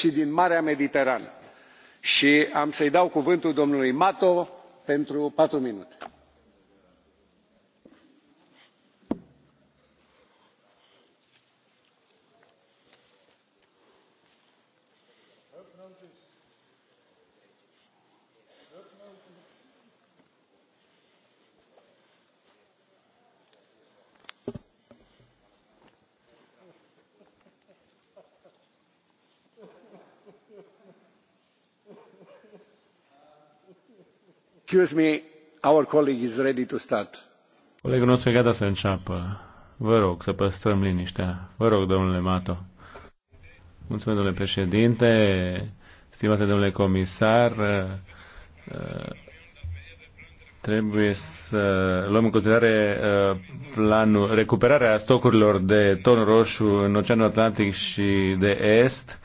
și din marea mediterană și am să i dau cuvântul domnului mato pentru patru minute. Excuse me, our colleague is ready to start. Colegul nostru e gata să înceapă. Vă rog să păstrăm liniștea. Vă rog, domnule Mato. Mulțumesc, domnule președinte, stimate domnule comisar. Trebuie să luăm în considerare uh, planul, recuperarea stocurilor de ton roșu în Oceanul Atlantic și de Est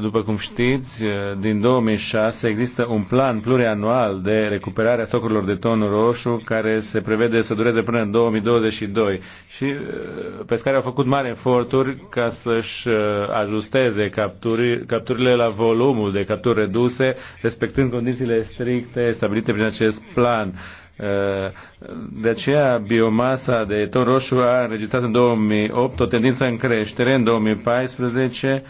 după cum știți, din 2006 există un plan plurianual de recuperare a stocurilor de ton roșu care se prevede să dureze până în 2022 și uh, pescarii au făcut mari eforturi ca să-și uh, ajusteze capturi, capturile la volumul de capturi reduse, respectând condițiile stricte stabilite prin acest plan. Uh, de aceea, biomasa de ton roșu a înregistrat în 2008 o tendință în creștere, în 2014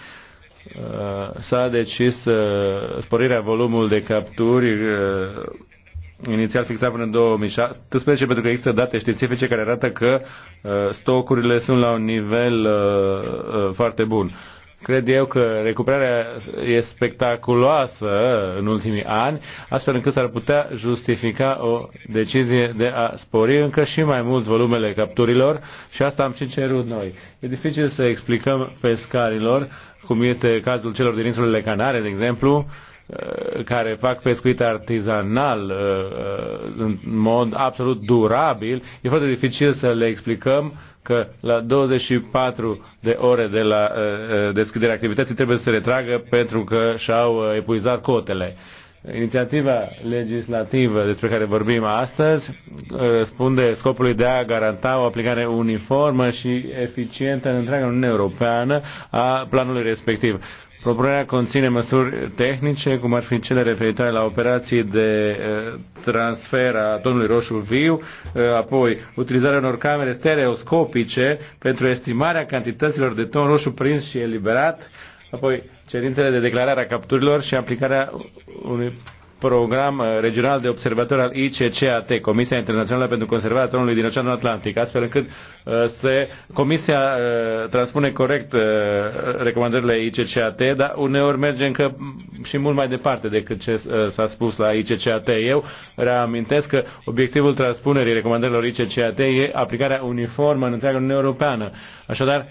Uh, s-a decis uh, sporirea volumul de capturi uh, inițial fixat până în 2017 pentru că există date științifice care arată că stocurile sunt la un nivel foarte bun. Cred eu că recuperarea e spectaculoasă în ultimii ani, astfel încât s-ar putea justifica o decizie de a spori încă și mai mult volumele capturilor și asta am și cerut noi. E dificil să explicăm pescarilor, cum este cazul celor din insulele Canare, de exemplu, Uh, care fac pescuit artizanal uh, uh, în mod absolut durabil, e foarte dificil să le explicăm că la 24 de ore de la deschiderea activității trebuie să se retragă pentru că și-au epuizat cotele. Inițiativa legislativă despre care vorbim astăzi răspunde scopului de a garanta o aplicare uniformă și eficientă în întreaga Uniune Europeană a planului respectiv Propunerea conține măsuri tehnice, cum ar fi cele referitoare la operații de eh, transfer a tonului roșu viu, eh, apoi utilizarea unor camere stereoscopice pentru estimarea cantităților de ton roșu prins și eliberat, apoi cerințele de declarare a capturilor și aplicarea unui program uh, regional de observator al ICCAT, Comisia Internațională pentru Conservarea Tronului din Oceanul Atlantic, astfel încât uh, se, Comisia uh, transpune corect recomandările ICCAT, dar uneori merge încă și mult mai departe decât ce s-a spus la ICCAT. Eu reamintesc că obiectivul transpunerii recomandărilor ICCAT e aplicarea uniformă în întreaga Uniune Europeană. Așadar,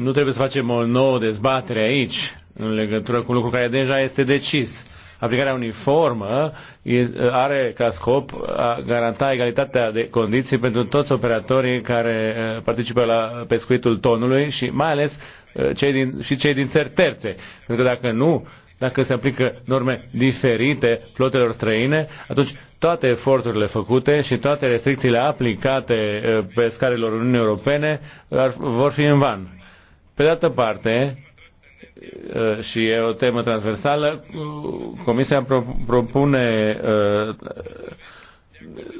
nu trebuie să facem o nouă dezbatere aici în legătură cu un lucru care deja este decis. Aplicarea uniformă are ca scop a garanta egalitatea de condiții pentru toți operatorii care participă la pescuitul tonului și mai ales cei din, și cei din țări terțe. Pentru că dacă nu, dacă se aplică norme diferite flotelor străine, atunci toate eforturile făcute și toate restricțiile aplicate pescarilor Uniunii Europene vor fi în van. Pe de altă parte, Uh, și e o temă transversală, Comisia propune uh,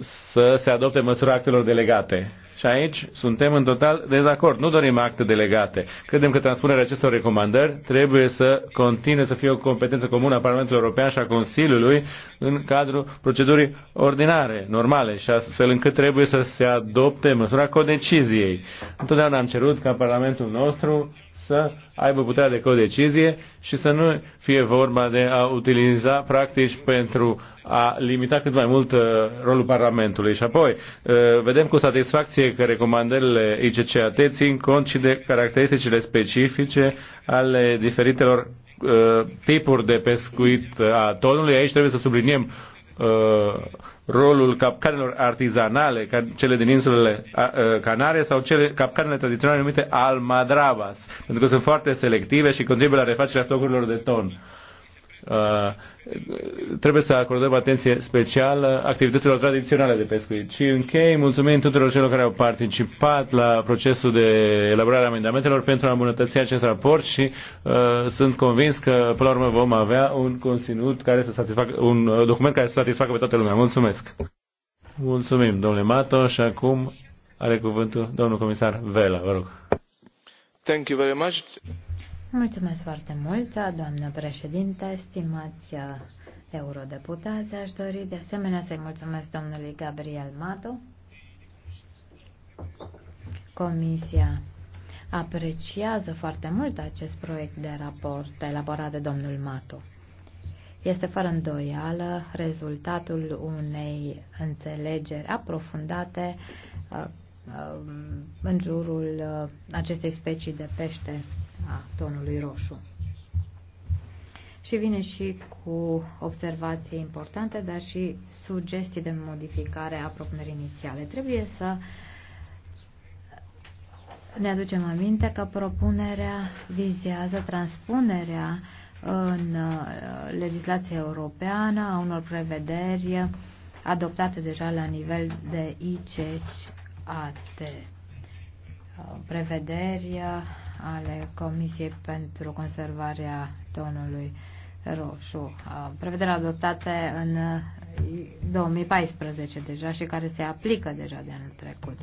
să se adopte măsura actelor delegate. Și aici suntem în total dezacord. Nu dorim acte delegate. Credem că transpunerea acestor recomandări trebuie să continue să fie o competență comună a Parlamentului European și a Consiliului în cadrul procedurii ordinare, normale, și astfel încât trebuie să se adopte măsura codeciziei. Întotdeauna am cerut ca Parlamentul nostru să aibă puterea de codecizie și să nu fie vorba de a utiliza practici pentru a limita cât mai mult uh, rolul Parlamentului. Și apoi, uh, vedem cu satisfacție că recomandările ICCAT țin cont și de caracteristicile specifice ale diferitelor uh, tipuri de pescuit a tonului. Aici trebuie să subliniem rolul capcanelor artizanale, ca cele din insulele Canare sau cele capcanele tradiționale numite almadrabas, pentru că sunt foarte selective și contribuie la refacerea stocurilor de ton. Uh, trebuie să acordăm atenție specială activităților tradiționale de pescuit. Și închei mulțumim tuturor celor care au participat la procesul de elaborare a amendamentelor pentru a îmbunătăți acest raport și uh, sunt convins că până la urmă vom avea un conținut care să satisfacă, un uh, document care să satisfacă pe toată lumea. Mulțumesc! Mulțumim, domnule Mato, și acum are cuvântul domnul comisar Vela, vă rog. Thank you very much. Mulțumesc foarte mult, doamnă președinte, stimați uh, eurodeputați. Aș dori de asemenea să-i mulțumesc domnului Gabriel Mato. Comisia apreciază foarte mult acest proiect de raport elaborat de domnul Mato. Este fără îndoială rezultatul unei înțelegeri aprofundate uh, um, în jurul uh, acestei specii de pește a tonului roșu. Și vine și cu observații importante, dar și sugestii de modificare a propunerii inițiale. Trebuie să ne aducem aminte că propunerea vizează transpunerea în uh, legislația europeană a unor prevederi adoptate deja la nivel de ICCAT. Uh, prevederi uh, ale Comisiei pentru conservarea tonului roșu, Prevederea adoptate în 2014 deja și care se aplică deja de anul trecut.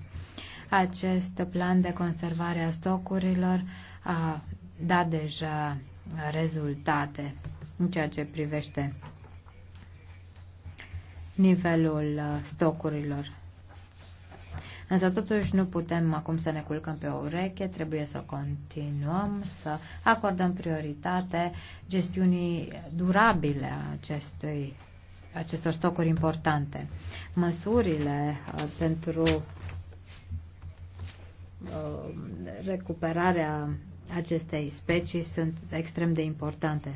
Acest plan de conservare a stocurilor a dat deja rezultate în ceea ce privește nivelul stocurilor Însă totuși nu putem acum să ne culcăm pe o ureche, trebuie să continuăm să acordăm prioritate gestiunii durabile a acestui, acestor stocuri importante. Măsurile uh, pentru uh, recuperarea acestei specii sunt extrem de importante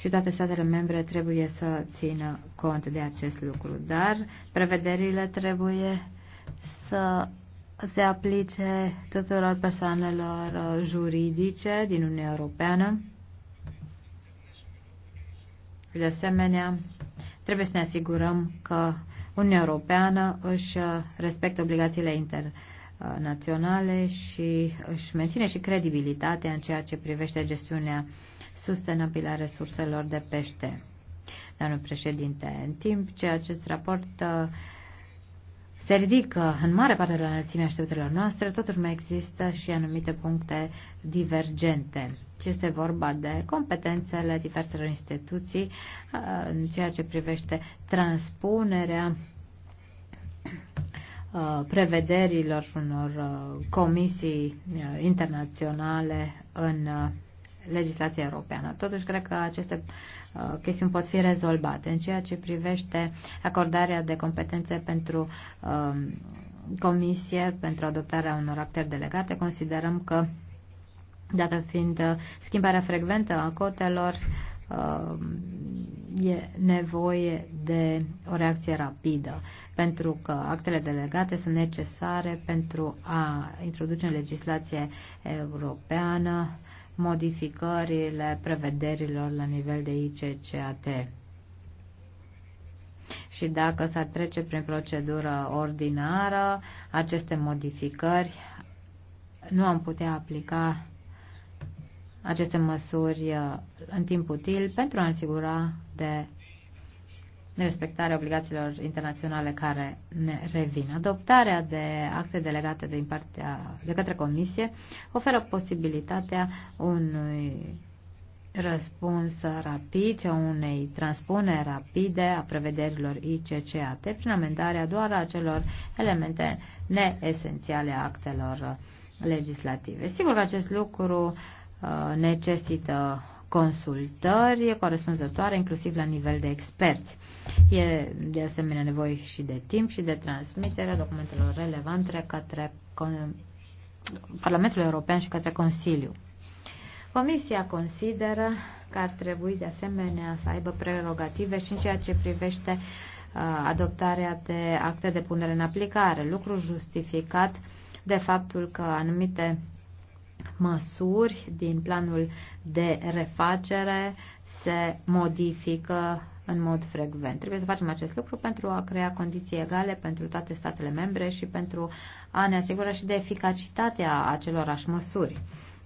și toate statele membre trebuie să țină cont de acest lucru, dar prevederile trebuie să se aplice tuturor persoanelor juridice din Uniunea Europeană. De asemenea, trebuie să ne asigurăm că Uniunea Europeană își respectă obligațiile internaționale și își menține și credibilitatea în ceea ce privește gestiunea uh, sustenabilă a resurselor de pește. Domnul președinte, în timp ce acest raport uh, se ridică în mare parte la înălțimea așteptărilor noastre, totuși mai există și anumite puncte divergente. Ce este vorba de competențele diverselor instituții uh, în ceea ce privește transpunerea uh, prevederilor unor comisii internaționale în legislația europeană. Totuși, cred că aceste uh, chestiuni pot fi rezolvate. În ceea ce privește acordarea de competențe pentru uh, comisie, pentru adoptarea unor acte delegate, considerăm că, dată fiind uh, schimbarea frecventă a cotelor, uh, e nevoie de o reacție rapidă, pentru că actele delegate sunt necesare pentru a introduce în legislație europeană uh, modificările prevederilor la nivel de ICCAT. Și dacă s-ar trece prin procedură ordinară, aceste modificări nu am putea aplica aceste măsuri uh, în timp util pentru a asigura de nerespectarea obligațiilor internaționale care ne revin. Adoptarea de acte delegate din partea, de către Comisie oferă posibilitatea unui răspuns rapid și a unei transpune rapide a prevederilor ICCAT prin amendarea doar a celor elemente neesențiale a actelor legislative. Sigur că acest lucru uh, necesită consultări corespunzătoare, inclusiv la nivel de experți. E de asemenea nevoie și de timp și de transmiterea documentelor relevante către Parlamentul European și către Consiliu. Comisia consideră că ar trebui de asemenea să aibă prerogative și în ceea ce privește uh, adoptarea de acte de punere în aplicare, lucru justificat de faptul că anumite măsuri din planul de refacere se modifică în mod frecvent. Trebuie să facem acest lucru pentru a crea condiții egale pentru toate statele membre și pentru a ne asigura și de eficacitatea acelorași măsuri.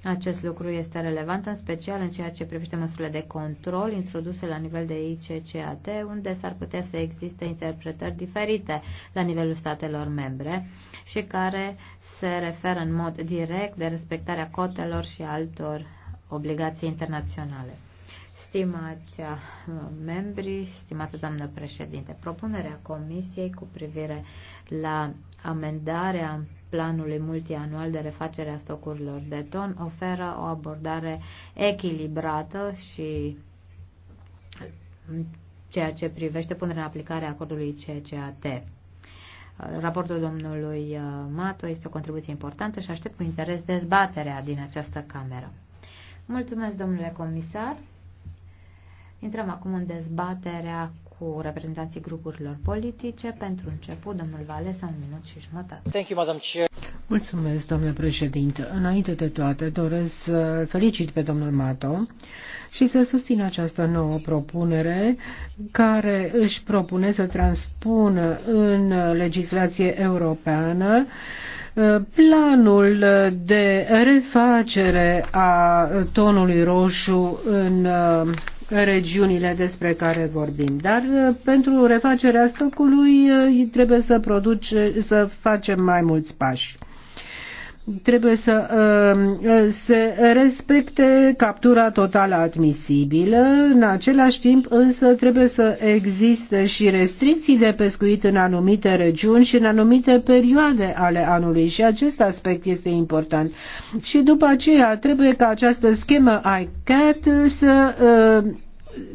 Acest lucru este relevant în special în ceea ce privește măsurile de control introduse la nivel de ICCAT, unde s-ar putea să existe interpretări diferite la nivelul statelor membre și care se referă în mod direct de respectarea cotelor și altor obligații internaționale. Stimați uh, membri, stimată doamnă președinte, propunerea Comisiei cu privire la amendarea planului multianual de refacere a stocurilor de ton oferă o abordare echilibrată și ceea ce privește punerea în aplicare a acordului CCAT. Raportul domnului uh, Mato este o contribuție importantă și aștept cu interes dezbaterea din această cameră. Mulțumesc, domnule comisar. Intrăm acum în dezbaterea cu reprezentanții grupurilor politice. Pentru început, domnul Valesa, un minut și jumătate. Thank you, Madam Chair. Mulțumesc, domnule președinte. Înainte de toate, doresc să felicit pe domnul Mato și să susțin această nouă propunere care își propune să transpună în legislație europeană uh, planul de refacere a tonului roșu în uh, regiunile despre care vorbim. Dar uh, pentru refacerea stocului uh, trebuie să, produce, să facem mai mulți pași trebuie să um, uh, se respecte captura totală admisibilă, în același timp însă trebuie să existe și restricții de pescuit în anumite regiuni și în anumite perioade ale anului și acest aspect este important. Și după aceea trebuie ca această schemă ICAT să uh,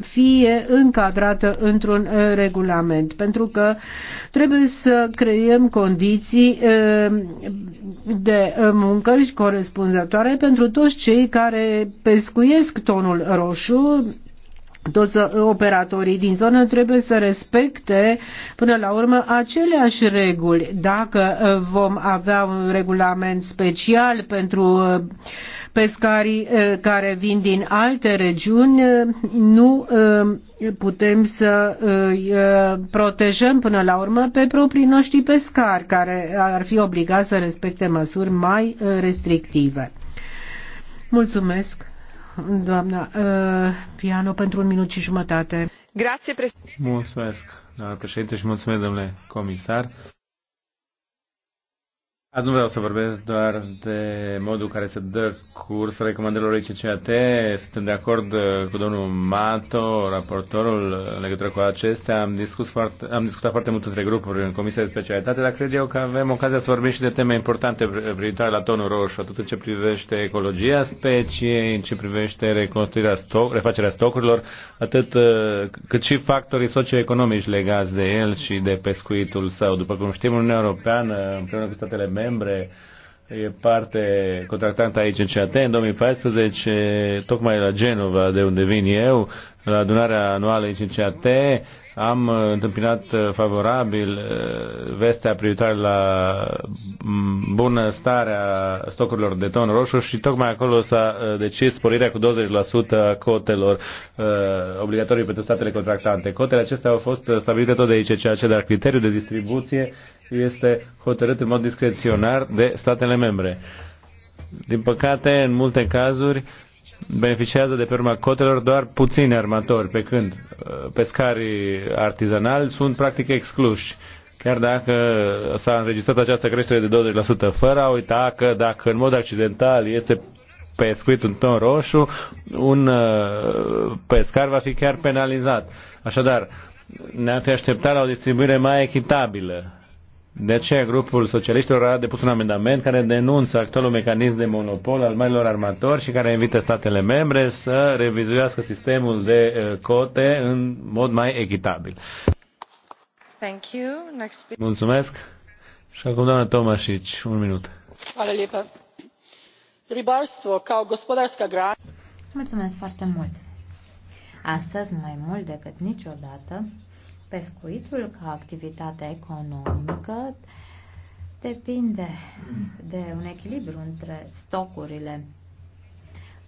fie încadrată într-un uh, regulament, pentru că trebuie să creăm condiții uh, de uh, muncă și corespunzătoare pentru toți cei care pescuiesc tonul roșu, toți operatorii din zonă trebuie să respecte până la urmă aceleași reguli. Dacă vom avea un regulament special pentru pescarii eh, care vin din alte regiuni eh, nu eh, putem să îi protejăm până la urmă pe proprii noștri pescari care ar fi obligați să respecte măsuri mai restrictive. Mulțumesc, doamna Piano, pentru un minut și jumătate. președinte. Mulțumesc, doamna președinte, și mulțumesc, domnule comisar. Azi nu vreau să vorbesc doar de modul care se dă curs recomandărilor ICCAT. Suntem de acord uh, cu domnul Mato, raportorul, uh, în legătură cu acestea. Am, discutat foarte, am discutat foarte mult între grupuri în Comisia de Specialitate, dar cred eu că avem ocazia să vorbim și de teme importante privitoare la tonul roșu, atât în ce privește ecologia speciei, în ce privește reconstruirea stoc, refacerea stocurilor, atât uh, cât și factorii socioeconomici legați de el și de pescuitul său. După cum știm, Uniunea Europeană, împreună cu statele membre, e parte contractantă aici în CAT. În 2014, tocmai la Genova, de unde vin eu, la adunarea anuală aici în CAT, am uh, întâmpinat uh, favorabil uh, vestea privitoare la mm, bunăstarea stocurilor de ton roșu și tocmai acolo s-a decis sporirea cu 20% a cotelor obligatorii pentru statele contractante. Cotele acestea au fost stabilite tot de ce dar criteriul de distribuție este hotărât în mod discreționar de statele membre. Din păcate, în multe cazuri, beneficiază de pe urma cotelor doar puțini armatori, pe când uh, pescarii artizanali sunt practic excluși. Chiar dacă s-a înregistrat această creștere de 20%, fără a uita că dacă în mod accidental este pescuit un ton roșu, un uh, pescar va fi chiar penalizat. Așadar, ne-am fi așteptat la o distribuire mai echitabilă de aceea, grupul socialiștilor a depus un amendament care denunță actualul mecanism de monopol al marilor armatori și care invită statele membre să revizuiască sistemul de uh, cote în mod mai echitabil. Thank you. Next... Mulțumesc. Și acum, doamna Tomașici, un minut. Hvala lijepa. Ribarstvo gospodarska grana. Mulțumesc foarte mult. Astăzi, mai mult decât niciodată, Pescuitul ca activitate economică depinde de un echilibru între stocurile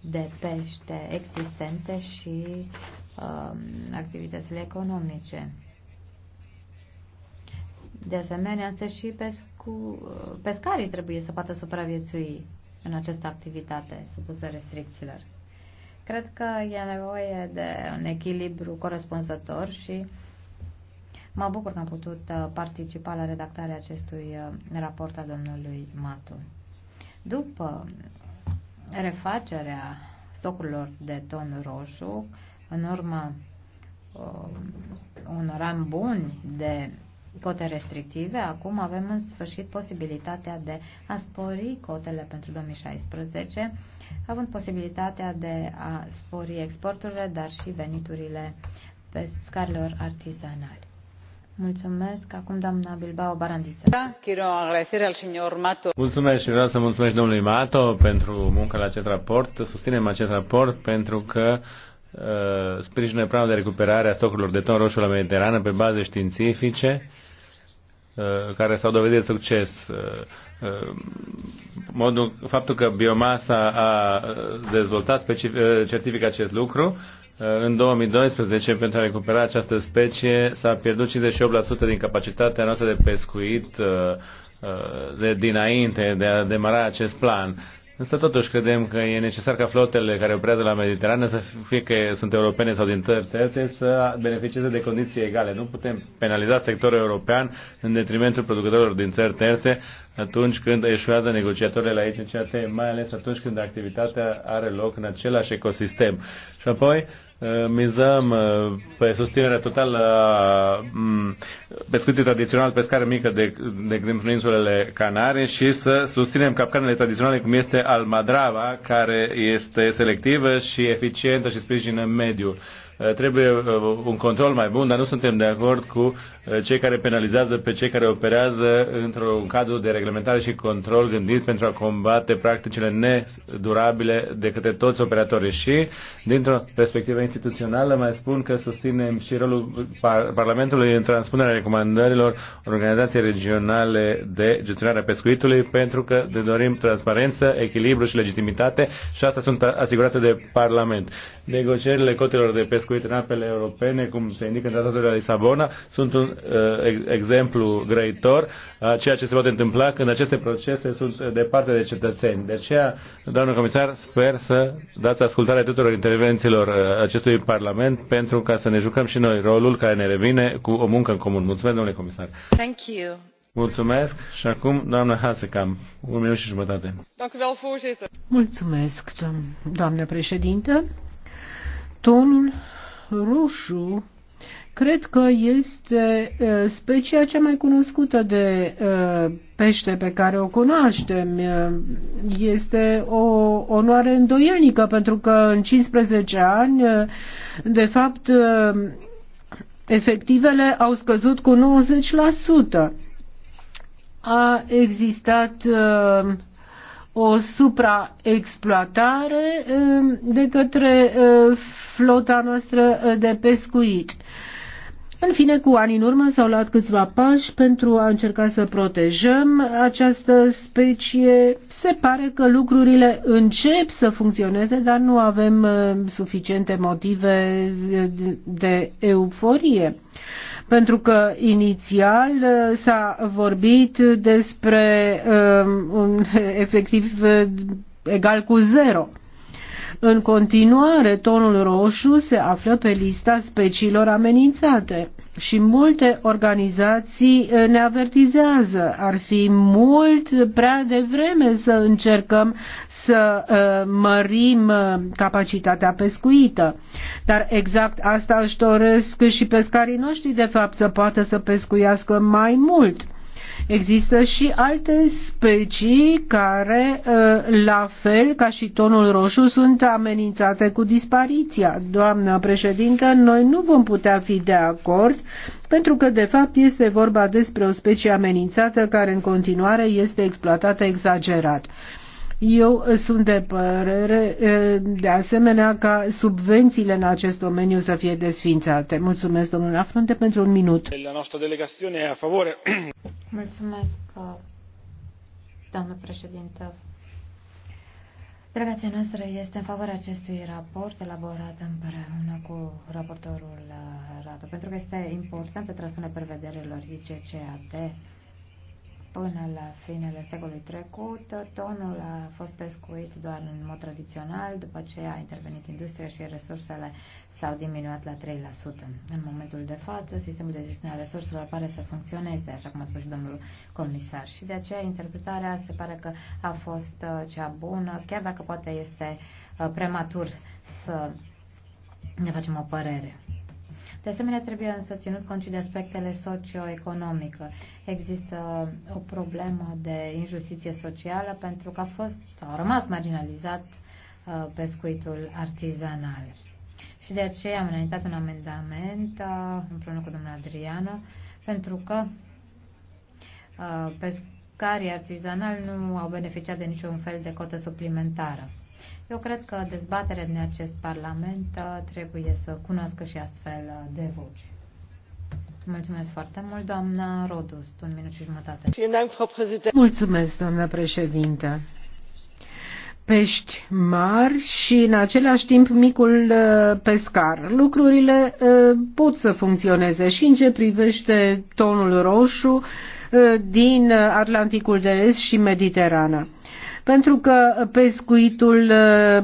de pește existente și uh, activitățile economice. De asemenea, însă și pescu, pescarii trebuie să poată supraviețui în această activitate supusă restricțiilor. Cred că e nevoie de un echilibru corespunzător și Mă bucur că am putut uh, participa la redactarea acestui uh, raport a domnului Matu. După refacerea stocurilor de ton roșu, în urma uh, unor ani buni de cote restrictive, acum avem în sfârșit posibilitatea de a spori cotele pentru 2016, având posibilitatea de a spori exporturile, dar și veniturile pescarilor artizanali. Mulțumesc. Acum Bilbao da, și vreau să mulțumesc domnului Mato pentru munca la acest raport. Susținem acest raport pentru că uh, sprijină planul de recuperare a stocurilor de ton roșu la Mediterană pe baze științifice uh, care s-au dovedit succes. Uh, uh, modul, faptul că biomasa a dezvoltat specific, certifică acest lucru în 2012, pentru a recupera această specie, s-a pierdut 58% din capacitatea noastră de pescuit uh, uh, de dinainte de a demara acest plan. Însă totuși credem că e necesar ca flotele care operează la Mediterană să fie că sunt europene sau din țări terțe să beneficieze de condiții egale. Nu putem penaliza sectorul european în detrimentul producătorilor din țări terțe atunci când eșuează negociatorile la ICCAT, mai ales atunci când activitatea are loc în același ecosistem. Și apoi Eh, mizăm eh, pe susținerea totală a mm, pescuitului tradițional pescare mică, de, de exemplu în insulele Canare, și să susținem capcanele tradiționale, cum este Almadrava, care este selectivă și eficientă și sprijină mediul. Eh, trebuie eh, un control mai bun, dar nu suntem de acord cu eh, cei care penalizează pe cei care operează într-un cadru de reglementare și control gândit pentru a combate practicile nedurabile de către toți operatorii. Și, dintr-o perspectivă instituțională, mai spun că susținem și rolul par Parlamentului în transpunerea recomandărilor Organizației Regionale de Gestionare a Pescuitului, pentru că ne dorim transparență, echilibru și legitimitate și asta sunt asigurate de Parlament. Negocierile cotelor de pescuit pescuit în apele europene, cum se indică în tratatul de la Lisabona, sunt un uh, exemplu grăitor a uh, ceea ce se poate întâmpla când aceste procese sunt uh, departe de cetățeni. De aceea, doamnă comisar, sper să dați ascultare tuturor intervențiilor uh, acestui Parlament pentru ca să ne jucăm și noi rolul care ne revine cu o muncă în comun. Mulțumesc, domnule comisar. Thank you. Mulțumesc și acum doamna Hasecam, un minut și jumătate. Mulțumesc, doamnă președintă tonul roșu cred că este uh, specia cea mai cunoscută de uh, pește pe care o cunoaștem. Uh, este o onoare îndoielnică pentru că în 15 ani, de fapt, efectivele au scăzut cu 90%. A existat uh, o supraexploatare um, de către uh, flota noastră uh, de pescuit. În fine, cu ani în urmă s-au luat câțiva pași pentru a încerca să protejăm această specie. Se pare că lucrurile încep să funcționeze, dar nu avem uh, suficiente motive de euforie pentru că inițial uh, s-a vorbit despre um, un efectiv uh, egal cu zero. În continuare, tonul roșu se află pe lista speciilor amenințate și multe organizații ne avertizează. Ar fi mult prea devreme să încercăm să mărim capacitatea pescuită. Dar exact asta își doresc și pescarii noștri, de fapt, să poată să pescuiască mai mult Există și alte specii care, uh, la fel ca și tonul roșu, sunt amenințate cu dispariția. Doamna președintă, noi nu vom putea fi de acord pentru că, de fapt, este vorba despre o specie amenințată care în continuare este exploatată exagerat. Eu sunt de părere, uh, de asemenea, ca subvențiile în acest domeniu să fie desfințate. Mulțumesc, domnule Afrunte, pentru un minut. La noastră delegație e a favore. Mulțumesc, uh, doamnă președintă. Delegația noastră este în favoarea acestui raport elaborat împreună cu raportorul uh, Radu, pentru că este importantă transpunerea prevederilor ICCAT Până la finele secolului trecut, tonul a fost pescuit doar în mod tradițional, după ce a intervenit industria și resursele s-au diminuat la 3%. În momentul de față, sistemul de gestiune a resurselor pare să funcționeze, așa cum a spus și domnul comisar. Și de aceea interpretarea se pare că a fost uh, cea bună, chiar dacă poate este uh, prematur să ne facem o părere. De asemenea, trebuie însă ținut cont și de aspectele socioeconomică. Există o problemă de injustiție socială pentru că a fost sau a rămas marginalizat uh, pescuitul artizanal. Și de aceea am înaintat un amendament uh, împreună cu domnul Adriano pentru că uh, pescarii artizanali nu au beneficiat de niciun fel de cotă suplimentară. Eu cred că dezbaterea din acest Parlament uh, trebuie să cunoască și astfel uh, de voci. Mulțumesc foarte mult, doamna Rodus. Un minut și jumătate. Mulțumesc, doamna președintă pești mari și în același timp micul uh, pescar. Lucrurile pot să funcționeze și în ce privește tonul roșu din Atlanticul de Est și Mediterana pentru că pescuitul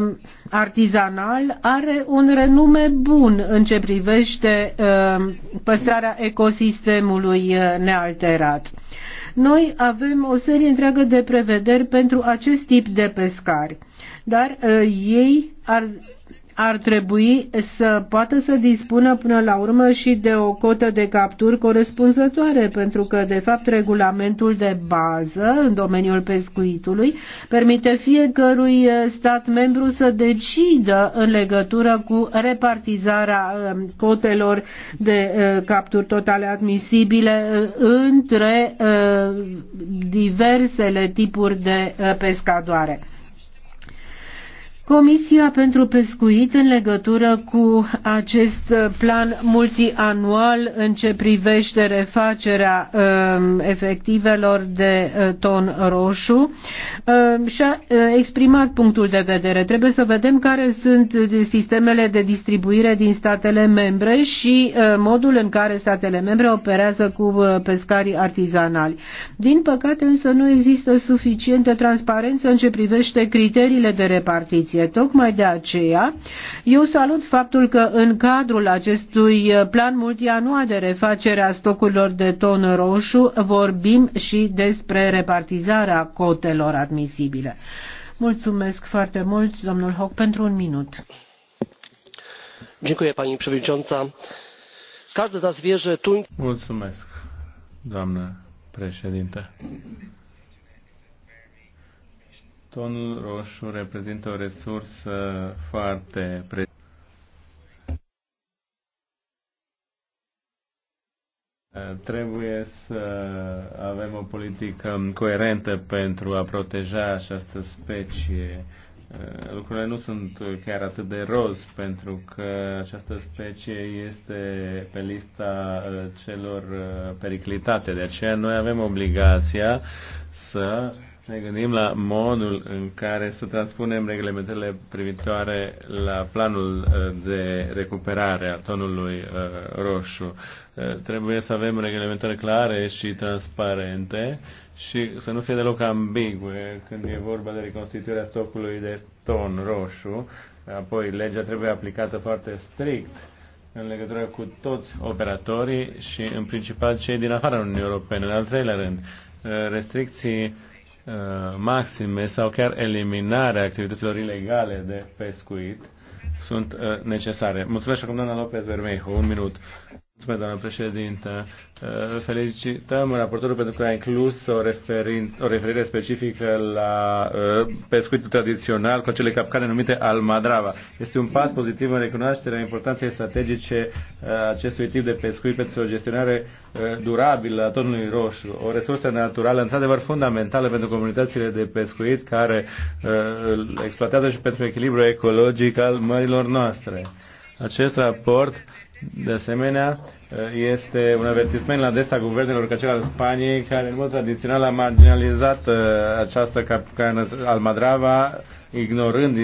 uh, artizanal are un renume bun în ce privește uh, păstrarea ecosistemului uh, nealterat. Noi avem o serie întreagă de prevederi pentru acest tip de pescari, dar ei ar ar trebui să poată să dispună până la urmă și de o cotă de capturi corespunzătoare, pentru că, de fapt, regulamentul de bază în domeniul pescuitului permite fiecărui eh, stat membru să decidă în legătură cu repartizarea eh, cotelor de eh, capturi totale admisibile între diversele tipuri de pescadoare. Comisia pentru Pescuit în legătură cu acest plan multianual în ce privește refacerea um, efectivelor de uh, ton roșu um, și-a uh, exprimat punctul de vedere. Trebuie să vedem care sunt sistemele de distribuire din statele membre și uh, modul în care statele membre operează cu uh, pescarii artizanali. Din păcate însă nu există suficientă transparență în ce privește criteriile de repartiție situație. Tocmai de aceea eu salut faptul că în cadrul acestui uh, plan multianual de refacere a stocurilor de ton roșu vorbim și despre repartizarea cotelor admisibile. Mulțumesc foarte mult, domnul Hoc, pentru un minut. Dziękuję pani przewodnicząca. Każdy za zwierzę tuń. Mulțumesc, doamnă președinte. Tonul roșu reprezintă o resursă foarte pre- Trebuie să avem o politică coerentă pentru a proteja această specie. Lucrurile nu sunt chiar atât de roz, pentru că această specie este pe lista uh, celor uh, periclitate. De aceea noi avem obligația să ne gândim la modul în care să transpunem reglementările privitoare la planul uh, de recuperare a tonului uh, roșu. Uh, trebuie să avem reglementări clare și transparente și să nu fie deloc ambigue când e vorba de reconstituirea stocului de ton roșu. Apoi, legea trebuie aplicată foarte strict în legătură cu toți operatorii și, în principal, cei din afara Uniunii Europene. În al treilea rând, restricții Uh, maxime sau chiar eliminarea activităților ilegale de pescuit sunt uh, necesare. Mulțumesc acum, doamna Lopez Bermejo. Un minut. Mulțumesc, doamnă președinte. Felicităm raportorul pentru că a inclus o, referin, o referire specifică la uh, pescuitul tradițional cu acele capcane numite almadrava. Este un pas pozitiv în recunoașterea importanței strategice uh, acestui tip de pescuit pentru o gestionare uh, durabilă a tonului roșu, o resursă naturală într-adevăr fundamentală pentru comunitățile de pescuit care îl exploatează și pentru echilibrul ecologic al mărilor noastre. Acest raport, de asemenea, este un avertisment la adresa guvernelor ca cel al Spaniei, care în mod tradițional a marginalizat uh, această capcană al Madrava, ignorând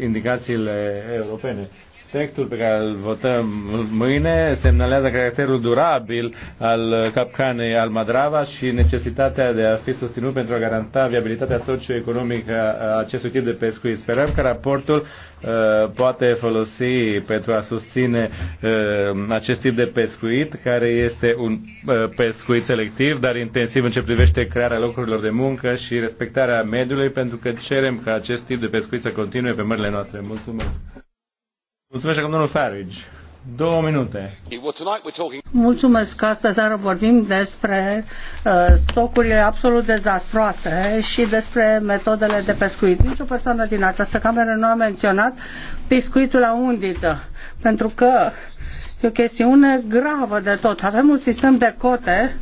indicațiile europene. Textul pe care îl votăm mâine semnalează caracterul durabil al capcanei al Madrava și necesitatea de a fi susținut pentru a garanta viabilitatea socioeconomică a acestui tip de pescuit. Sperăm că raportul uh, poate folosi pentru a susține uh, acest tip de pescuit, care este un uh, pescuit selectiv, dar intensiv în ce privește crearea locurilor de muncă și respectarea mediului, pentru că cerem ca acest tip de pescuit să continue pe mările noastre. Mulțumesc! Mulțumesc domnul Farage. Două minute. Mulțumesc. Astăzi seară vorbim despre uh, stocurile absolut dezastroase și despre metodele de pescuit. Nici o persoană din această cameră nu a menționat pescuitul la undiță, pentru că e o chestiune gravă de tot. Avem un sistem de cote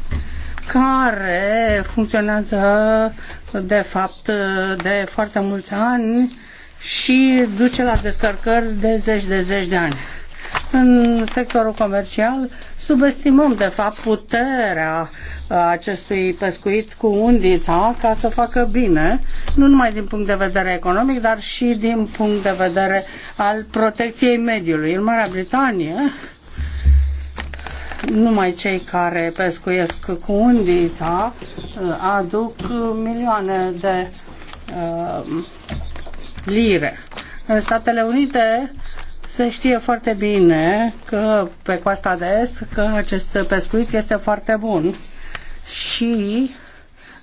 care funcționează de fapt de foarte mulți ani și duce la descărcări de zeci de zeci de ani. În sectorul comercial subestimăm de fapt puterea uh, acestui pescuit cu undița ca să facă bine, nu numai din punct de vedere economic, dar și din punct de vedere al protecției mediului. În Marea Britanie, numai cei care pescuiesc cu undița uh, aduc milioane de uh, lire. În Statele Unite se știe foarte bine că pe coasta de est că acest pescuit este foarte bun și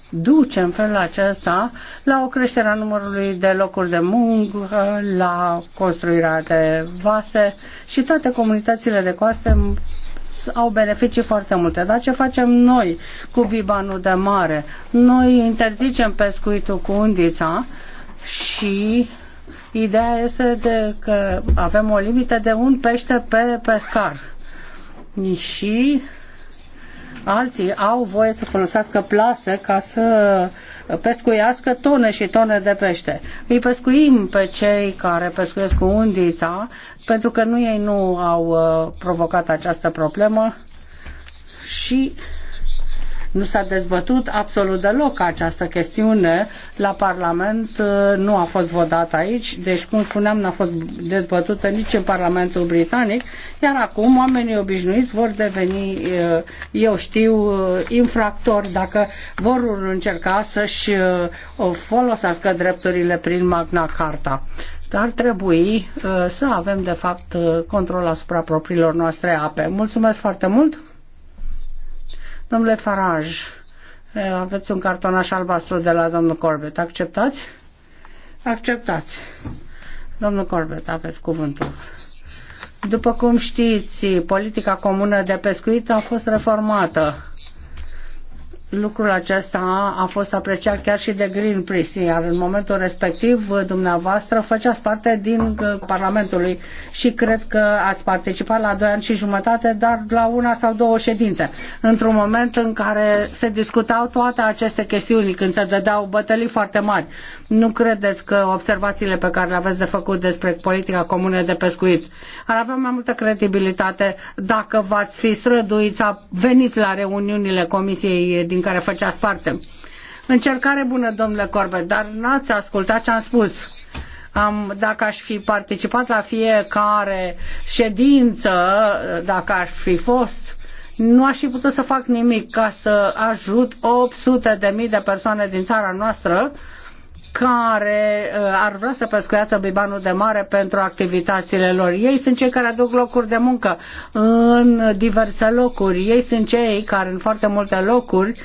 duce în felul acesta la o creștere a numărului de locuri de muncă, la construirea de vase și toate comunitățile de coaste au beneficii foarte multe. Dar ce facem noi cu bibanul de mare? Noi interzicem pescuitul cu undița și ideea este de că avem o limită de un pește pe pescar și alții au voie să folosească plase ca să pescuiască tone și tone de pește. Îi pescuim pe cei care pescuiesc cu undița, pentru că nu ei nu au uh, provocat această problemă și nu s-a dezbătut absolut deloc această chestiune la Parlament, uh, nu a fost votat aici, deci, cum spuneam, n-a fost dezbătută nici în Parlamentul Britanic, iar acum oamenii obișnuiți vor deveni, uh, eu știu, uh, infractori dacă vor încerca să-și folosească drepturile prin Magna Carta ar trebui să avem, de fapt, control asupra propriilor noastre ape. Mulțumesc foarte mult! Domnule Farage, eh, aveți un cartonaș albastru de la domnul Corbett. Acceptați? Acceptați. Domnul Corbett, aveți cuvântul. După cum știți, politica comună de pescuit a fost reformată lucrul acesta a fost apreciat chiar și de Greenpeace, iar în momentul respectiv dumneavoastră făceați parte din uh, Parlamentului și cred că ați participat la doi ani și jumătate, dar la una sau două ședințe, într-un moment în care se discutau toate aceste chestiuni, când se dădeau bătălii foarte mari. Nu credeți că observațiile pe care le aveți de făcut despre politica comună de pescuit ar avea mai multă credibilitate dacă v-ați fi străduit să veniți la reuniunile Comisiei din care făceați parte. Încercare bună, domnule Corbe, dar n-ați ascultat ce am spus. Am, dacă aș fi participat la fiecare ședință, dacă aș fi fost, nu aș fi putut să fac nimic ca să ajut 800 de mii de persoane din țara noastră care uh, ar vrea să pescuiască bibanul de mare pentru activitățile lor. Ei sunt cei care aduc locuri de muncă în diverse locuri. Ei sunt cei care în foarte multe locuri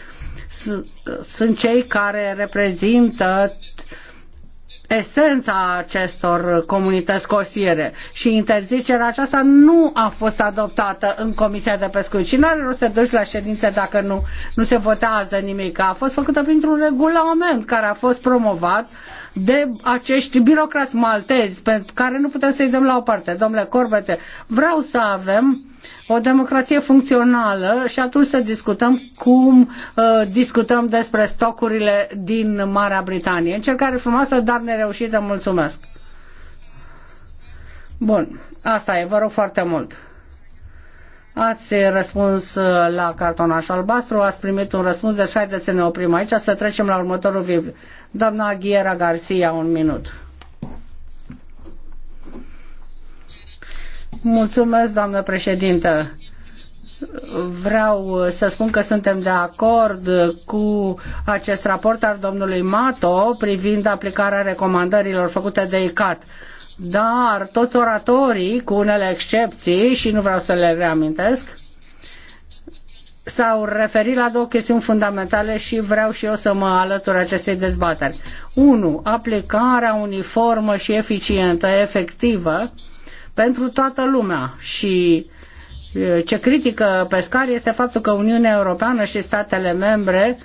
sunt cei care reprezintă uh, esența acestor comunități costiere și interzicerea aceasta nu a fost adoptată în Comisia de Pescuit și nu are rost să duci la ședințe dacă nu, nu se votează nimic. A fost făcută printr-un regulament care a fost promovat uh, de acești birocrați maltezi pe care nu putem să-i dăm la o parte. Domnule Corbete, vreau să avem o democrație funcțională și atunci să discutăm cum uh, discutăm despre stocurile din Marea Britanie. Încercare frumoasă, dar nereușită. Mulțumesc! Bun, asta e, vă rog foarte mult. Ați răspuns uh, la cartonaș albastru, ați primit un răspuns, deci haideți să ne oprim aici, să trecem la următorul viv. Doamna Ghiera Garcia, un minut. Mulțumesc, doamnă președintă. Vreau uh, să spun că suntem de acord uh, cu acest raport al domnului Mato privind aplicarea recomandărilor făcute de ICAT dar toți oratorii, cu unele excepții, și nu vreau să le reamintesc, s-au referit la două chestiuni fundamentale și vreau și eu să mă alătur acestei dezbateri. 1. Aplicarea uniformă și eficientă, efectivă, pentru toată lumea și ce critică pescari este faptul că Uniunea Europeană și statele membre uh,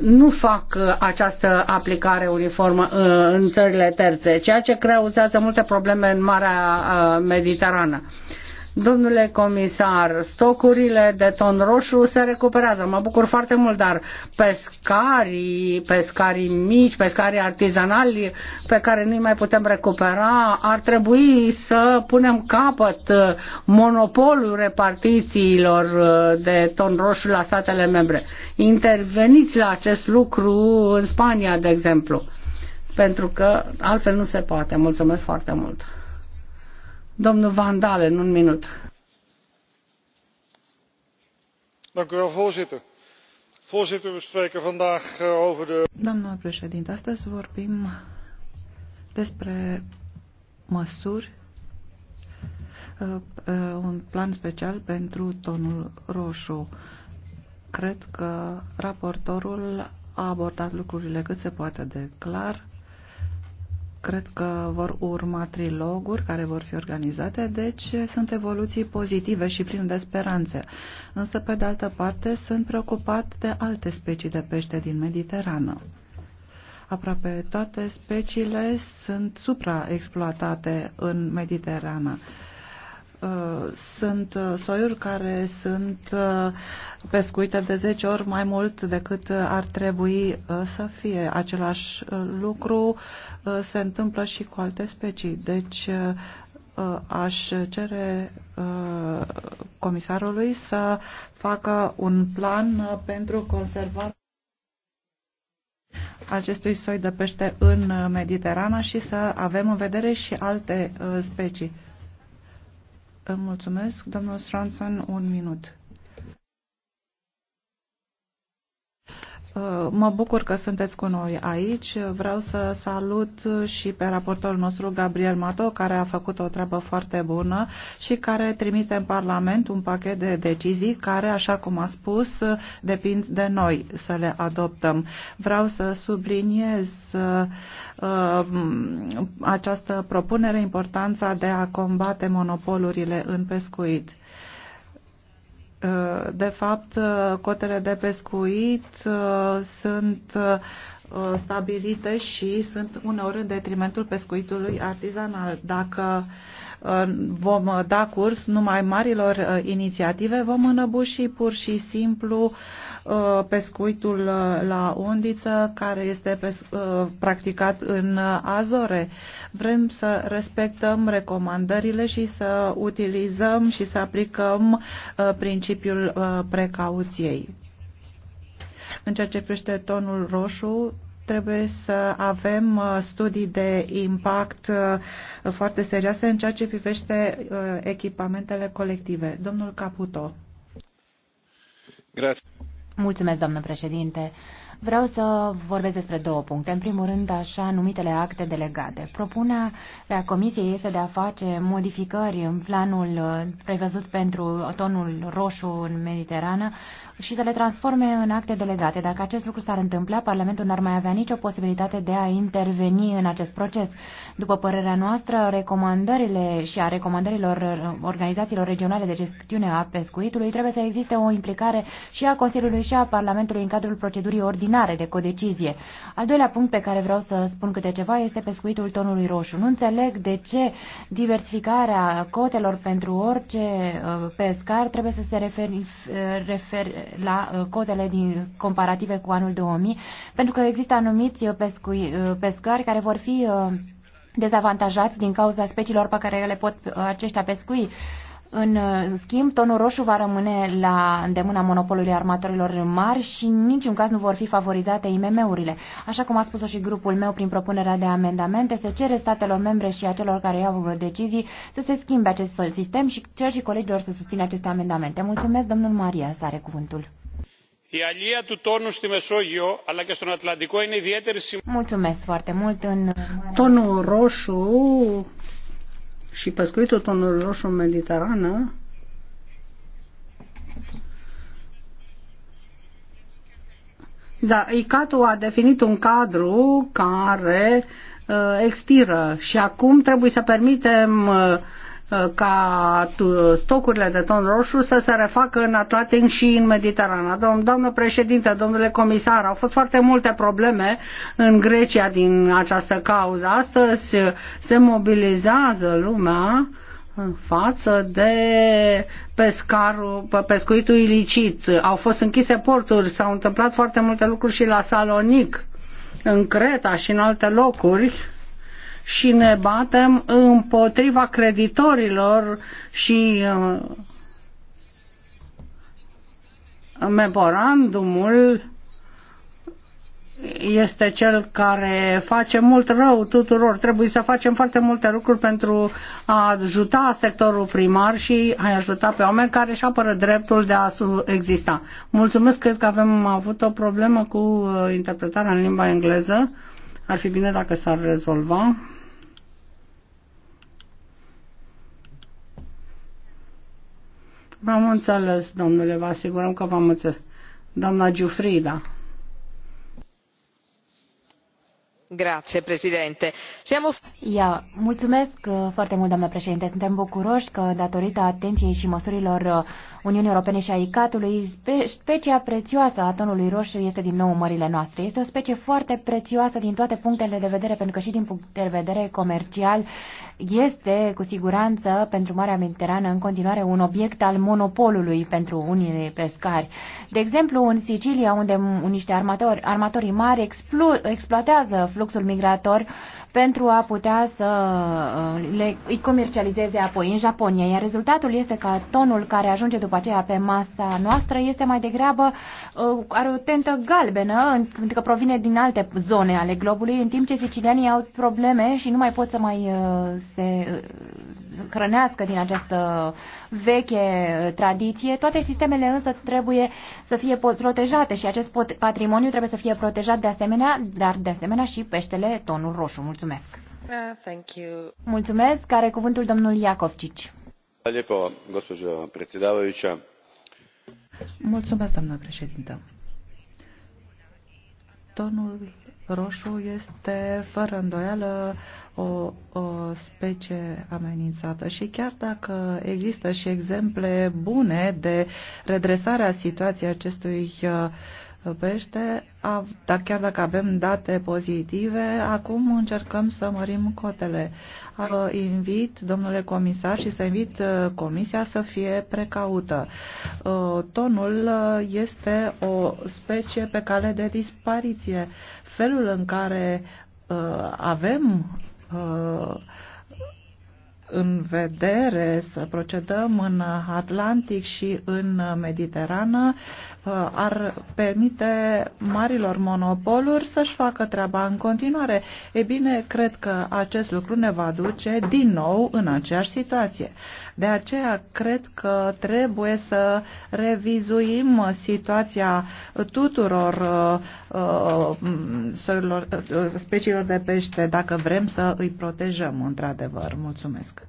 nu fac uh, această aplicare uniformă uh, în țările terțe, ceea ce creuzează multe probleme în Marea uh, Mediterană. Domnule comisar, stocurile de ton roșu se recuperează. Mă bucur foarte mult, dar pescarii, pescarii mici, pescarii artizanali pe care nu-i mai putem recupera, ar trebui să punem capăt monopolul repartițiilor uh, de ton roșu la statele membre. Interveniți la acest lucru în Spania, de exemplu, pentru că altfel nu se poate. Mulțumesc foarte mult! Domnul Van Dalen, un minut. Dank u wel, voorzitter. Voorzitter, we spreken vandaag eh, over de... Doamna președinte, astăzi vorbim despre măsuri, eh, eh, un plan special pentru tonul roșu. Cred că raportorul a abordat lucrurile cât se poate de clar Cred că vor urma triloguri care vor fi organizate, deci sunt evoluții pozitive și pline de speranțe. Însă, pe de altă parte, sunt preocupat de alte specii de pește din Mediterană. Aproape toate speciile sunt supraexploatate în Mediterană. Uh, Uh, sunt uh, soiuri care sunt uh, pescuite de 10 ori mai mult decât ar trebui să fie. Același lucru se întâmplă și cu alte specii. Deci aș cere comisarului să facă un plan pentru conservarea acestui soi de pește în Mediterana și să avem în vedere și alte specii. Mulțumesc. Domnul Stranson, un minut. Mă bucur că sunteți cu noi aici. Vreau să salut și pe raportorul nostru, Gabriel Mato, care a făcut o treabă foarte bună și care trimite în Parlament un pachet de decizii care, așa cum a spus, depind de noi să le adoptăm. Vreau să subliniez uh, această propunere, importanța de a combate monopolurile în pescuit. Uh, de fapt, uh, cotele de pescuit uh, sunt stabilite și sunt uneori în detrimentul pescuitului artizanal. Dacă vom uh, da curs numai marilor uh, inițiative, vom înăbuși pur și simplu uh, pescuitul la undiță care este practicat în Azore. Vrem să respectăm recomandările și să utilizăm și să aplicăm principiul precauției. În ceea ce privește tonul roșu, trebuie să avem uh, studii de impact uh, foarte serioase în ceea ce privește uh, echipamentele colective. Domnul Caputo. Grazie. Mulțumesc, doamnă președinte. Vreau să vorbesc despre două puncte. În primul rând, așa numitele acte delegate. Propunerea Comisiei este de a face modificări în planul prevăzut pentru tonul roșu în Mediterană și să le transforme în acte delegate. Dacă acest lucru s-ar întâmpla, Parlamentul n-ar mai avea nicio posibilitate de a interveni în acest proces. După părerea noastră, recomandările și a recomandărilor organizațiilor regionale de gestiune a pescuitului trebuie să existe o implicare și a Consiliului și a Parlamentului în cadrul procedurii ordinare de codecizie. Al doilea punct pe care vreau să spun câte ceva este pescuitul tonului roșu. Nu înțeleg de ce diversificarea cotelor pentru orice uh, pescar trebuie să se referi, refer, la uh, cotele din, comparative cu anul 2000, pentru că există anumiți uh, pescui, uh, pescari care vor fi dezavantajați din cauza speciilor pe care le pot aceștia pescui în schimb, tonul roșu va rămâne la îndemâna monopolului armatorilor mari și în niciun caz nu vor fi favorizate IMM-urile. Așa cum a spus-o și grupul meu prin propunerea de amendamente, se cere statelor membre și acelor care iau decizii să se schimbe acest sistem și cer și colegilor să susțină aceste amendamente. Mulțumesc, domnul Maria, să are cuvântul. Mulțumesc foarte mult. În... Tonul roșu și pescuitul tonului roșu în Mediterană Da, ICAT-ul a definit un cadru care uh, expiră și acum trebuie să permitem uh, Uh, ca stocurile de ton roșu să se refacă în Atlantic și în Mediterana. Domn, doamnă președinte, domnule comisar, au fost foarte multe probleme în Grecia din această cauză. Astăzi se mobilizează lumea față de pescarul, pescuitul ilicit. Au fost închise porturi, s-au întâmplat foarte multe lucruri și la Salonic, în Creta și în alte locuri și ne batem împotriva creditorilor și uh, memorandumul este cel care face mult rău tuturor. Trebuie să facem foarte multe lucruri pentru a ajuta sectorul primar și a ajuta pe oameni care își apără dreptul de a exista. Mulțumesc, cred că avem avut o problemă cu uh, interpretarea în limba engleză. Ar fi bine dacă s-ar rezolva. V-am înțeles, domnule, vă asigurăm că v-am înțeles. Doamna Giufrida. Grazie, președinte. Siamo... Ia, mulțumesc uh, foarte mult, doamna președinte. Suntem bucuroși că, datorită atenției și măsurilor uh, Uniunii Europene și a ICAT-ului, specia prețioasă a tonului roșu este din nou mările noastre. Este o specie foarte prețioasă din toate punctele de vedere, pentru că și din punct de vedere comercial este cu siguranță pentru Marea Mediterană în continuare un obiect al monopolului pentru unii pescari. De exemplu, în Sicilia, unde niște armatori, armatorii mari explo, exploatează fluxul migrator pentru a putea să uh, le, îi comercializeze apoi în Japonia. Iar rezultatul este că tonul care ajunge după aceea pe masa noastră este mai degrabă, uh, are o tentă galbenă, pentru că provine din alte zone ale globului, în timp ce sicilianii au probleme și nu mai pot să mai uh, se hrănească din această veche tradiție. Toate sistemele însă trebuie să fie protejate și acest patrimoniu trebuie să fie protejat de asemenea, dar de asemenea și peștele tonul roșu. Mulțumesc! Uh, thank you. Mulțumesc! Care cuvântul domnul Iacovcici? Mulțumesc, doamnă președintă. Tonul roșu este fără îndoială o, o specie amenințată și chiar dacă există și exemple bune de redresarea situației acestui uh, pește, dar chiar dacă avem date pozitive, acum încercăm să mărim cotele. Invit, domnule comisar, și să invit uh, comisia să fie precaută. Uh, tonul uh, este o specie pe cale de dispariție. Felul în care avem în vedere să procedăm în Atlantic și în Mediterană uh, ar permite marilor monopoluri să-și facă treaba în continuare. E bine, cred că acest lucru ne va duce din nou în aceeași situație. De aceea cred că trebuie să revizuim situația tuturor uh, uh, soilor, uh, speciilor de pește dacă vrem să îi protejăm într-adevăr. Mulțumesc.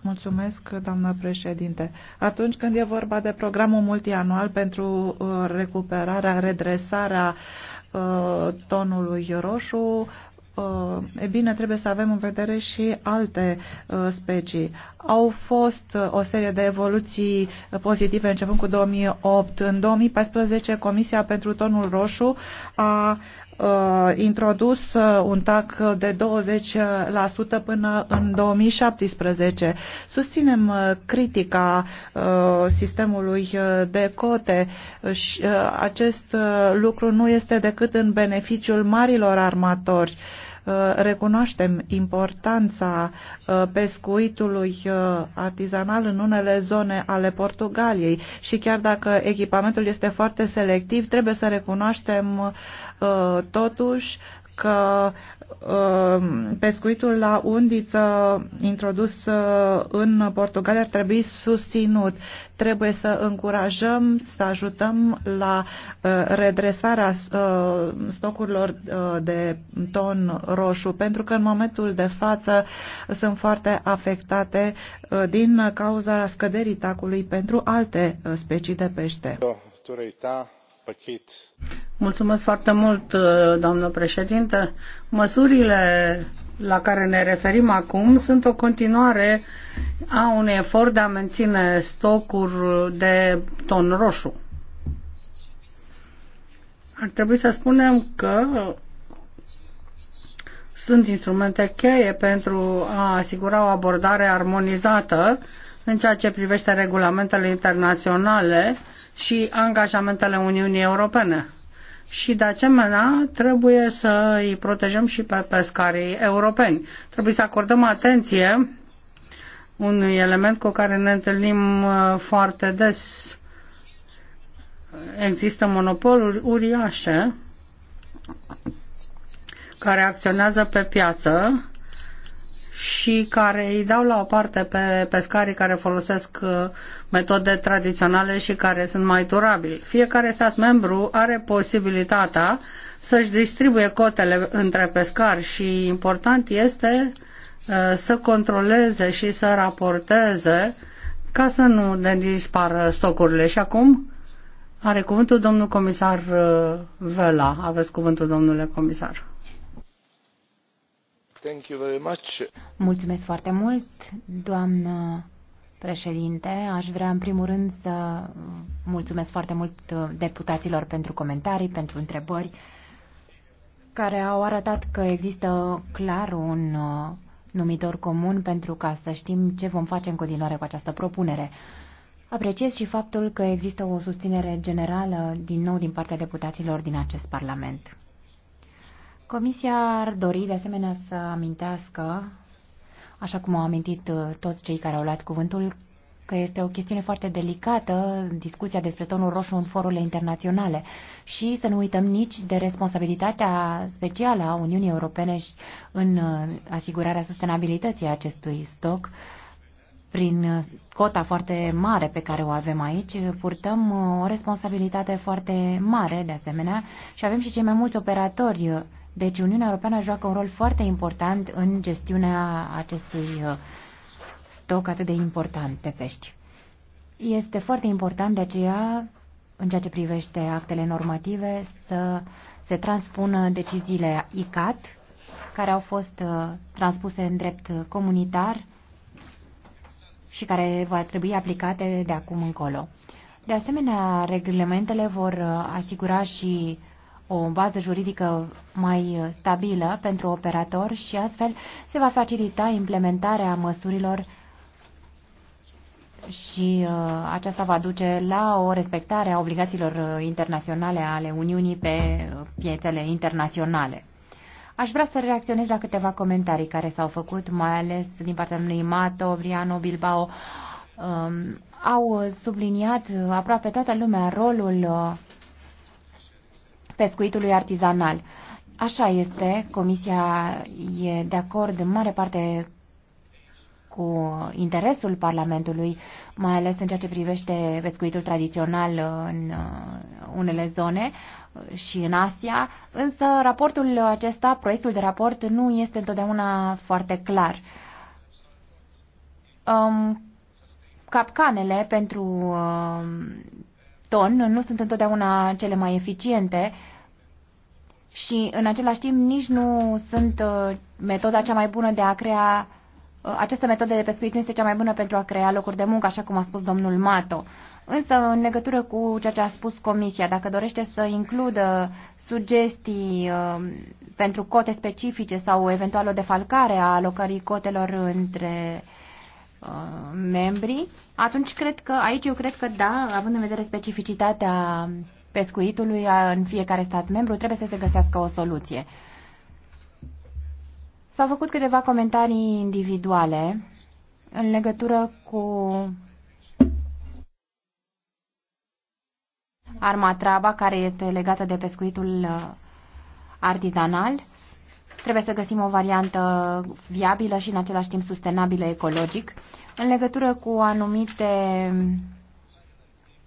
Mulțumesc, doamnă președinte. Atunci când e vorba de programul multianual pentru uh, recuperarea, redresarea uh, tonului roșu, Uh, e bine, trebuie să avem în vedere și alte uh, specii. Au fost uh, o serie de evoluții pozitive începând cu 2008. În 2014, Comisia pentru Tonul Roșu a introdus un TAC de 20% până în 2017. Susținem critica sistemului de cote și acest lucru nu este decât în beneficiul marilor armatori. Uh, recunoaștem importanța uh, pescuitului uh, artizanal în unele zone ale Portugaliei și chiar dacă echipamentul este foarte selectiv, trebuie să recunoaștem totuși că uh, pescuitul la undiță introdus uh, în Portugalia ar trebui susținut. Trebuie să încurajăm, să ajutăm la uh, redresarea stocurilor de ton roșu, pentru că în momentul de față sunt foarte afectate din cauza scăderii tacului pentru alte specii de pește. Mulțumesc foarte mult, uh, doamnă președinte. Măsurile la care ne referim acum sunt o continuare a unui efort de a menține stocuri de ton roșu. Ar trebui să spunem că sunt instrumente cheie pentru a asigura o abordare armonizată în ceea ce privește regulamentele internaționale și angajamentele Uniunii Europene. Și de asemenea trebuie să îi protejăm și pe pescarii europeni. Trebuie să acordăm atenție unui element cu care ne întâlnim uh, foarte des. Există monopoluri uriașe care acționează pe piață și care îi dau la o parte pe pescarii care folosesc uh, metode tradiționale și care sunt mai durabili. Fiecare stat membru are posibilitatea să-și distribuie cotele între pescari și important este uh, să controleze și să raporteze ca să nu ne dispară stocurile. Și acum are cuvântul domnul comisar uh, Vela. Aveți cuvântul, domnule comisar. Thank you very much. Mulțumesc foarte mult, doamnă președinte. Aș vrea în primul rând să mulțumesc foarte mult uh, deputaților pentru comentarii, pentru întrebări, care au arătat că există clar un uh, numitor comun pentru ca să știm ce vom face în continuare cu această propunere. Apreciez și faptul că există o susținere generală din nou din partea deputaților din acest Parlament. Comisia ar dori de asemenea să amintească, așa cum au amintit uh, toți cei care au luat cuvântul, că este o chestiune foarte delicată, discuția despre tonul roșu în forurile internaționale și să nu uităm nici de responsabilitatea specială a Uniunii Europene și în uh, asigurarea sustenabilității acestui stoc. Prin uh, cota foarte mare pe care o avem aici, purtăm o responsabilitate foarte mare de asemenea și avem și cei mai mulți operatori deci Uniunea Europeană joacă un rol foarte important în gestiunea acestui uh, stoc atât de important de pești. Este foarte important de aceea, în ceea ce privește actele normative, să se transpună deciziile ICAT, care au fost uh, transpuse în drept comunitar și care va trebui aplicate de acum încolo. De asemenea, reglementele vor uh, asigura și o bază juridică mai uh, stabilă pentru operator și astfel se va facilita implementarea măsurilor și uh, aceasta va duce la o respectare a obligațiilor uh, internaționale ale Uniunii pe uh, piețele internaționale. Aș vrea să reacționez la câteva comentarii care s-au făcut, mai ales din partea lui Mato, Briano, Bilbao. Um, au subliniat aproape toată lumea rolul uh, pescuitului artizanal. Așa este, Comisia e de acord în mare parte cu interesul Parlamentului, mai ales în ceea ce privește pescuitul tradițional în uh, unele zone uh, și în Asia, însă raportul acesta, proiectul de raport, nu este întotdeauna foarte clar. Um, capcanele pentru um, ton nu sunt întotdeauna cele mai eficiente și în același timp nici nu sunt uh, metoda cea mai bună de a crea uh, această metodă de pescuit nu este cea mai bună pentru a crea locuri de muncă, așa cum a spus domnul Mato. Însă, în legătură cu ceea ce a spus Comisia, dacă dorește să includă sugestii uh, pentru cote specifice sau eventual o defalcare a alocării cotelor între uh, Uh, membri, atunci cred că, aici eu cred că da, având în vedere specificitatea pescuitului uh, în fiecare stat membru, trebuie să se găsească o soluție. S-au făcut câteva comentarii individuale în legătură cu arma traba care este legată de pescuitul uh, artizanal. Trebuie să găsim o variantă viabilă și în același timp sustenabilă ecologic. În legătură cu anumite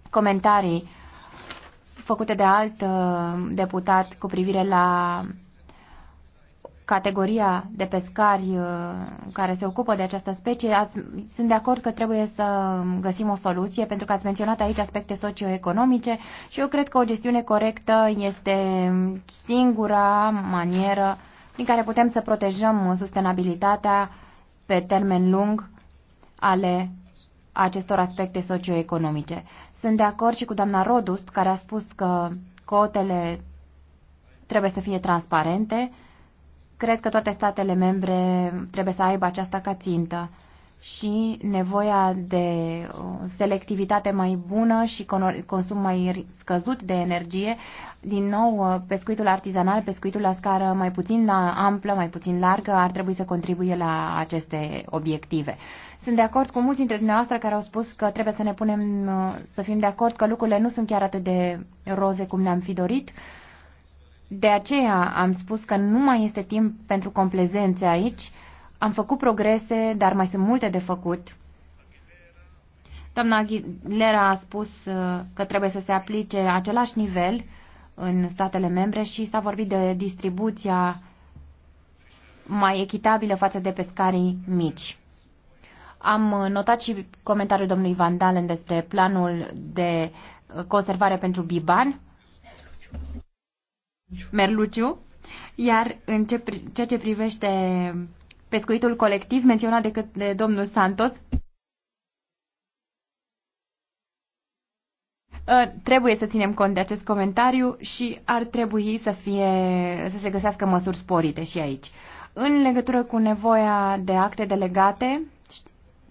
comentarii făcute de alt uh, deputat cu privire la categoria de pescari uh, care se ocupă de această specie, ați, sunt de acord că trebuie să găsim o soluție, pentru că ați menționat aici aspecte socioeconomice și eu cred că o gestiune corectă este singura manieră prin care putem să protejăm sustenabilitatea pe termen lung ale acestor aspecte socioeconomice. Sunt de acord și cu doamna Rodust, care a spus că cotele trebuie să fie transparente. Cred că toate statele membre trebuie să aibă aceasta ca țintă și nevoia de uh, selectivitate mai bună și consum mai scăzut de energie. Din nou, uh, pescuitul artizanal, pescuitul la scară mai puțin amplă, mai puțin largă, ar trebui să contribuie la aceste obiective. Sunt de acord cu mulți dintre dumneavoastră care au spus că trebuie să ne punem, uh, să fim de acord că lucrurile nu sunt chiar atât de roze cum ne-am fi dorit. De aceea am spus că nu mai este timp pentru complezențe aici, am făcut progrese, dar mai sunt multe de făcut. Doamna Aguilera a spus uh, că trebuie să se aplice același nivel în statele membre și s-a vorbit de distribuția mai echitabilă față de pescarii mici. Am notat și comentariul domnului Van Dalen despre planul de conservare pentru biban, merluciu, iar în ceea ce privește pescuitul colectiv menționat de, de domnul Santos. Ă, trebuie să ținem cont de acest comentariu și ar trebui să, fie, să se găsească măsuri sporite și aici. În legătură cu nevoia de acte delegate,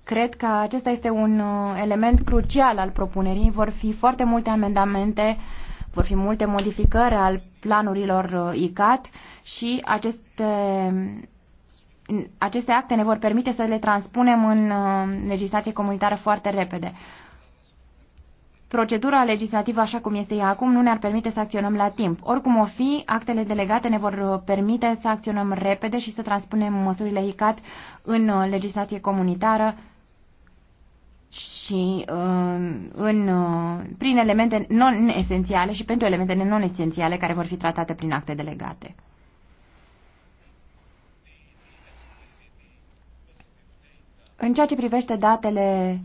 cred că acesta este un ă, element crucial al propunerii. Vor fi foarte multe amendamente, vor fi multe modificări al planurilor ă, ICAT și aceste aceste acte ne vor permite să le transpunem în uh, legislație comunitară foarte repede. Procedura legislativă așa cum este ea acum nu ne-ar permite să acționăm la timp. Oricum o fi, actele delegate ne vor uh, permite să acționăm repede și să transpunem măsurile ICAT în uh, legislație comunitară și uh, în, uh, prin elemente non-esențiale și pentru elementele non-esențiale care vor fi tratate prin acte delegate. În ceea ce privește datele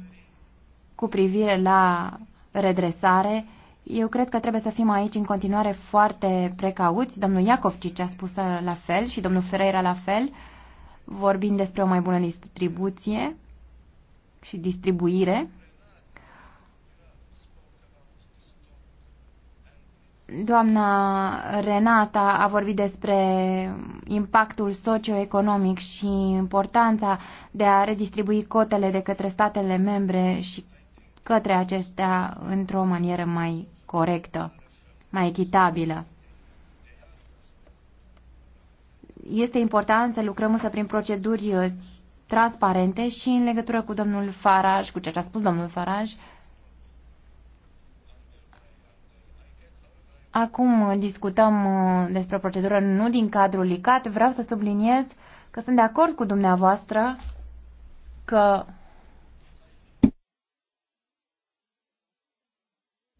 cu privire la redresare, eu cred că trebuie să fim aici în continuare foarte precauți. Domnul Iacovcici a spus la fel și domnul Ferreira la fel, vorbind despre o mai bună distribuție și distribuire Doamna Renata a vorbit despre impactul socioeconomic și importanța de a redistribui cotele de către statele membre și către acestea într-o manieră mai corectă, mai echitabilă. Este important să lucrăm însă prin proceduri transparente și în legătură cu domnul Faraj, cu ceea ce a spus domnul Faraj, Acum discutăm uh, despre procedură nu din cadrul ICAT. Vreau să subliniez că sunt de acord cu dumneavoastră că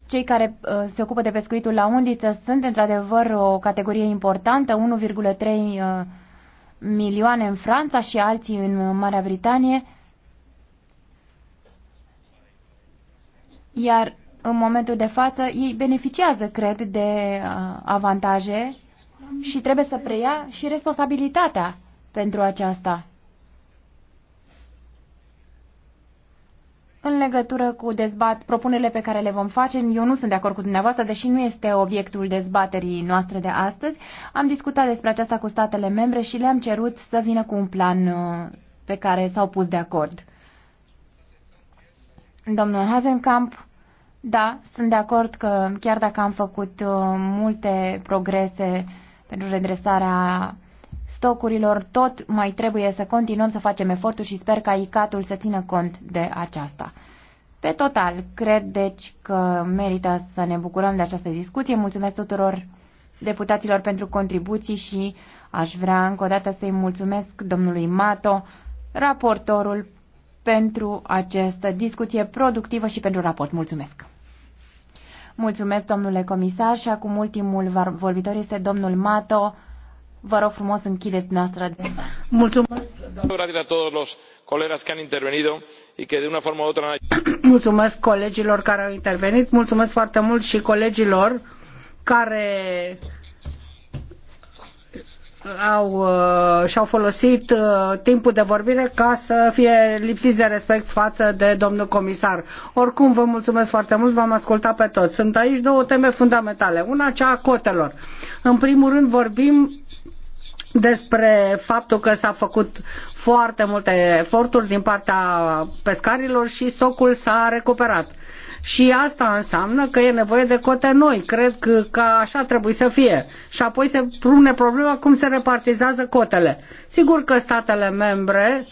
Cei care uh, se ocupă de pescuitul la undiță sunt într-adevăr o categorie importantă, 1,3 uh, milioane în Franța și alții în Marea Britanie. Iar în momentul de față, ei beneficiază, cred, de uh, avantaje și trebuie să preia și responsabilitatea pentru aceasta. În legătură cu dezbat, propunerile pe care le vom face, eu nu sunt de acord cu dumneavoastră, deși nu este obiectul dezbaterii noastre de astăzi. Am discutat despre aceasta cu statele membre și le-am cerut să vină cu un plan uh, pe care s-au pus de acord. Domnul Hazenkamp da, sunt de acord că chiar dacă am făcut uh, multe progrese pentru redresarea stocurilor, tot mai trebuie să continuăm să facem eforturi și sper ca ICAT-ul să țină cont de aceasta. Pe total, cred deci că merită să ne bucurăm de această discuție. Mulțumesc tuturor deputaților pentru contribuții și aș vrea încă o dată să-i mulțumesc domnului Mato, raportorul, pentru această discuție productivă și pentru raport. Mulțumesc! Mulțumesc, domnule comisar, și acum ultimul vorbitor este domnul Mato. Vă rog frumos, închideți noastră. Mulțumesc. Mulțumesc colegilor care au intervenit, mulțumesc foarte mult și colegilor care au, uh, și-au folosit uh, timpul de vorbire ca să fie lipsiți de respect față de domnul comisar. Oricum, vă mulțumesc foarte mult, v-am ascultat pe toți. Sunt aici două teme fundamentale. Una, cea a cotelor. În primul rând, vorbim despre faptul că s-a făcut foarte multe eforturi din partea pescarilor și stocul s-a recuperat și asta înseamnă că e nevoie de cote noi. Cred că, că așa trebuie să fie. Și apoi se pune problema cum se repartizează cotele. Sigur că statele membre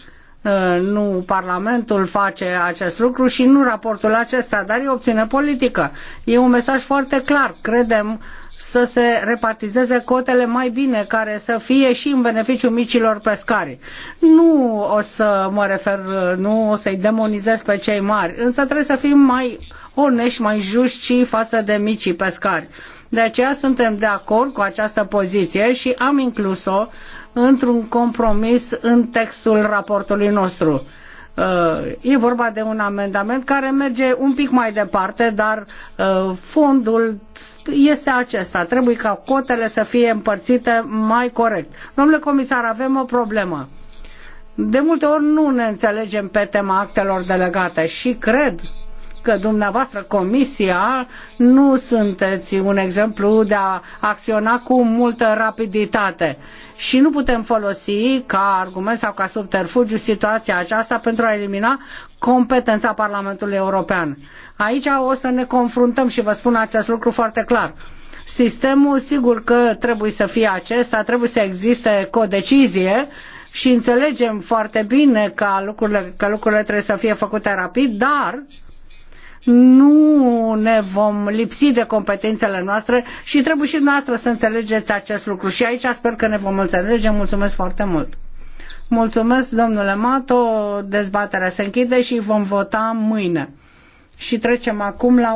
ă, nu Parlamentul face acest lucru și nu raportul acesta, dar e opțiune politică. E un mesaj foarte clar. Credem să se repartizeze cotele mai bine, care să fie și în beneficiul micilor pescari. Nu o să mă refer, nu o să-i demonizez pe cei mari, însă trebuie să fim mai onești, mai juști și față de micii pescari. De aceea suntem de acord cu această poziție și am inclus-o într-un compromis în textul raportului nostru. Uh, e vorba de un amendament care merge un pic mai departe, dar uh, fondul este acesta. Trebuie ca cotele să fie împărțite mai corect. Domnule comisar, avem o problemă. De multe ori nu ne înțelegem pe tema actelor delegate și cred că dumneavoastră comisia nu sunteți un exemplu de a acționa cu multă rapiditate și nu putem folosi ca argument sau ca subterfugiu situația aceasta pentru a elimina competența Parlamentului European. Aici o să ne confruntăm și vă spun acest lucru foarte clar. Sistemul, sigur că trebuie să fie acesta, trebuie să existe codecizie și înțelegem foarte bine că lucrurile, că lucrurile trebuie să fie făcute rapid, dar nu ne vom lipsi de competențele noastre și trebuie și noastră să înțelegeți acest lucru. Și aici sper că ne vom înțelege. Mulțumesc foarte mult! Mulțumesc, domnule Mato, dezbaterea se închide și vom vota mâine. Și trecem acum la